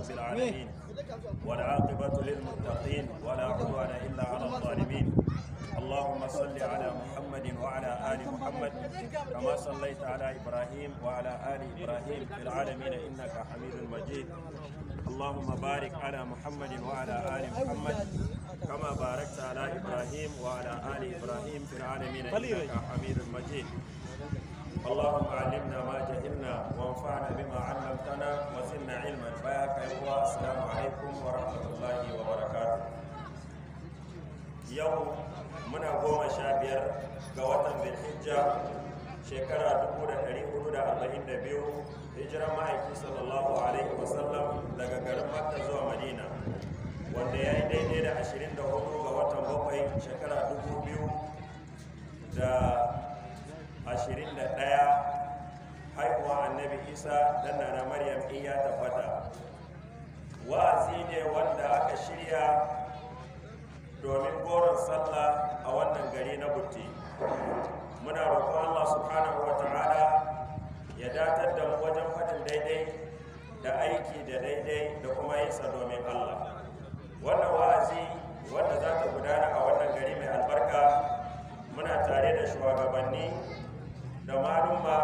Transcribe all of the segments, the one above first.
رب العالمين والعاقبة للمتقين ولا عدوان إلا على الظالمين اللهم صل على محمد وعلى آل محمد كما صليت على إبراهيم وعلى آل إبراهيم في العالمين إنك حميد مجيد اللهم بارك على محمد وعلى آل محمد كما باركت على إبراهيم وعلى آل إبراهيم في العالمين إنك حميد مجيد اللهم علمنا ما جهلنا وانفعنا بما علمتنا alaikum wa rahmatullahi wa yau muna goma sha biyar ga watan zulhijja shekara biyu hijiran ma'aiki sallallahu alaihi wasallam daga garin makka zuwa madina wanda ya yi daidai da ashirin da hudu ga watan bakwai shekara daya, haihuwa annabi isa dan na maryam in ya tabbata wa'azi ne wanda aka shirya domin goron sallah a wannan gari na butte muna roƙo allah subhanahu wa ya datar da mu wajen faɗin daidai da aiki da daidai da kuma yinsa domin allah wannan wa'azi wanda za ta gudana a wannan gari mai albarka muna tare da shugabanni da malumma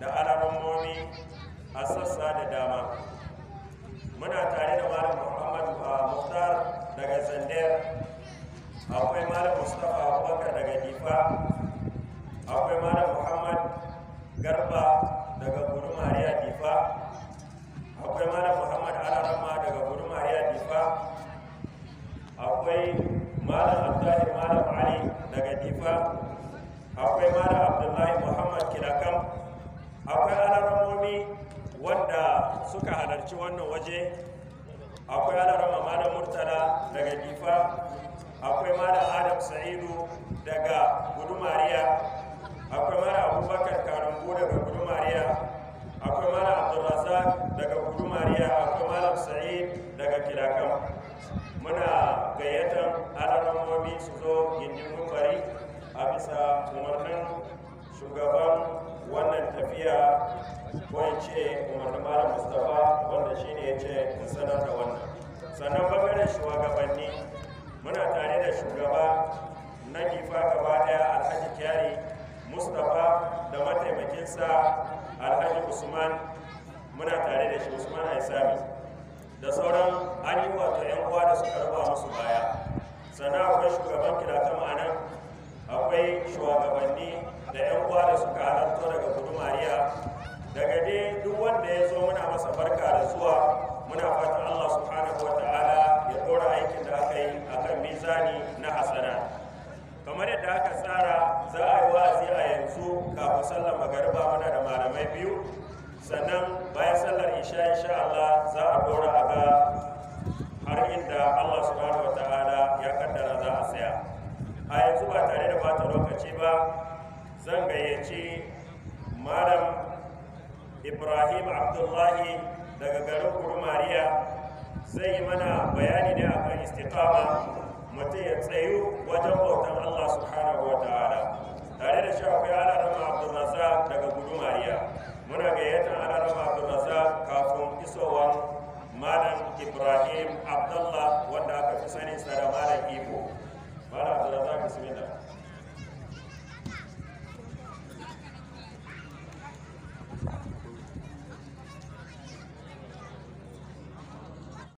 da alamomi a sassa da dama difa akwai malam muhammad garba daga guru mariya difa akwai malam muhammad alarama daga guru mariya difa akwai malam abdullahi malam ali daga difa akwai malam abdullahi muhammad kilakam akwai alaramomi wanda suka halarci wannan waje akwai alarama malam murtala daga difa akwai mara adam sa'idu daga gudu Mariya. akwai mara abubakar karambu daga gudu Mariya. akwai mara abdulrazak daga gudu Mariya. akwai mara sa'id daga kirakam muna gayyatar alamomi su zo gindin mubari a bisa umarnin shugaban wannan tafiya ko in ce umarnin mara mustapha wanda ne ya ce sanar da wannan sannan bangaren shugabanni muna tare da shugaba na gifa gaba daya alhaji kyari mustapha da mataimakinsa alhaji usman muna tare da shi usman aisami da sauran an yi wato yan uwa da suka raba musu baya sannan akwai shugaban kiratama a nan akwai shugabanni da yan uwa da suka halarta daga gudu mariya daga dai duk wanda ya zo muna masa farka da zuwa muna hudu kafin sallar magariba muna da malamai biyu sannan bayan sallar isha insha Allah za a dora a ga har inda Allah subhanahu wa ta'ala ya kaddara za a saya a yanzu ba tare da bata lokaci ba zan gayyaci malam ibrahim abdullahi daga garin kurmariya zai yi mana bayani ne akan istiqama mutum ya tsayu wajen bautan Allah subhanahu wa ta'ala tare da shi muna gayyatar alarama maza kafin isowa malam ibrahim abdullah wanda aka fi sani sa da malam ibo malam yi bismillah